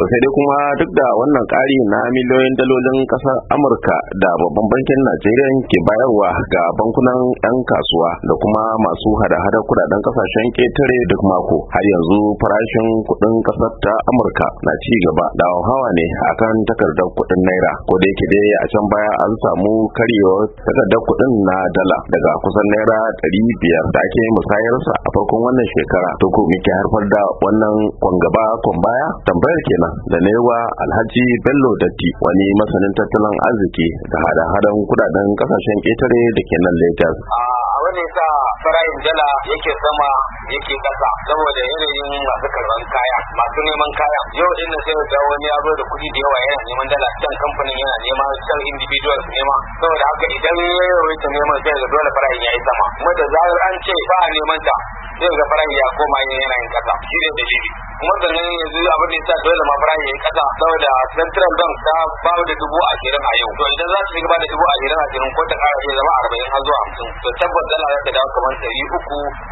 to sai dai kuma duk da wannan ƙari na miliyoyin dalolin ƙasar amurka da babban bankin najeriya ke bayarwa ga bankunan 'yan kasuwa da kuma masu hada-hadar kudaden ƙasashen ƙetare duk mako har yanzu farashin kuɗin ƙasar ta amurka na ci gaba da hawa ne a kan takardar kuɗin naira ko da yake dai a can baya an samu karyewar takardar kuɗin na dala daga kusan naira ɗari biyar da ake musayarsa a farkon wannan shekara to ko muke harfar da wannan kwangaba kwan baya tambayar kenan da newa alhaji bello datti wani masanin tattalin arziki da hada-hadan kudaden kasashen ketare da ke nan lagos wani sa fara'in dala yake sama yake kasa saboda yanayin masu karban kaya masu neman kaya yau din sai da wani ya zo da kuɗi da yawa yana neman dala can kamfanin yana nema can individual nema saboda haka idan ya yawaita neman sai dole fara'in ya yi sama kuma da zarar an ce ba a neman ta sai ga farangi ya koma yin yin kasa shi ne dalili kuma sannan yanzu abin da yasa dole ma farangi yin kasa saboda central bank ta ba da dubu ashirin a yau to idan za ta ba da dubu ashirin ashirin ko ta kara iya zama arba'in har zuwa hamsin to tabbas dala za ta dawo kamar ɗari uku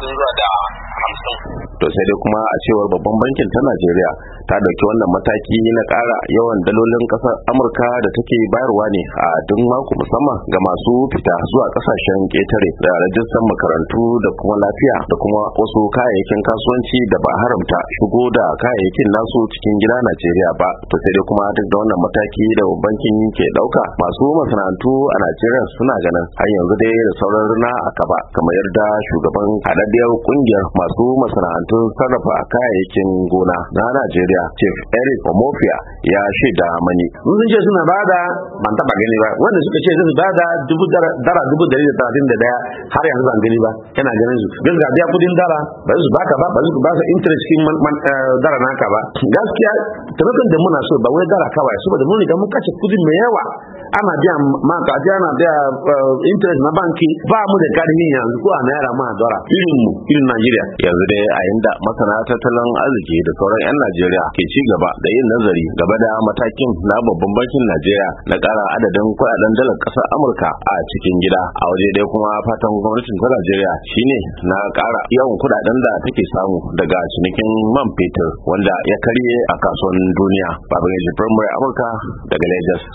sun zuwa da hamsin. to sai dai kuma a cewar babban bankin ta najeriya ta ɗauki wannan mataki na ƙara yawan dalolin ƙasar amurka da take bayarwa ne a duk mako musamman ga masu fita zuwa ƙasashen ƙetare da rajistan makarantu da kuma lafiya da kuma wasu kayayyakin kasuwanci da ba haramta shigo da kayayyakin nasu cikin gida Najeriya ba to sai dai kuma duk da wannan mataki da bankin ke dauka masu masana'antu a Najeriya suna ganin har yanzu dai da sauran rana a kaba kamar yadda shugaban haɗaɗɗiyar kungiyar masu masana'antun sarrafa kayayyakin gona na Najeriya Chief Eric Omofia ya shaida mani mun ce suna bada ban taba gani ba wanda suka ce suna bada dubu dara dubu dari da talatin da daya har yanzu ban gani ba yana ganin su gaskiya kudin da asara ba su baka ba ba su baka interest man eh, dara naka ba gaskiya tabbatar da muna so ba wai dara kawai saboda mun riga mun kace kudi mai yawa ana biya ka ji ana biya eh, interest na banki ba mu da karni yanzu ko a naira ma dora irin mu irin Najeriya yanzu dai a inda masana tattalin arziki da sauran 'yan Najeriya ke ci gaba da yin nazari gaba da matakin na babban bankin Najeriya na ƙara adadin kuɗaɗen dalar ƙasar Amurka a cikin gida a waje dai kuma fatan gwamnatin ta Najeriya shine na ƙara yau yawan kudaden da take samu daga cinikin man fetur wanda ya karye a kasuwan duniya babban yaji firamare amurka daga lagos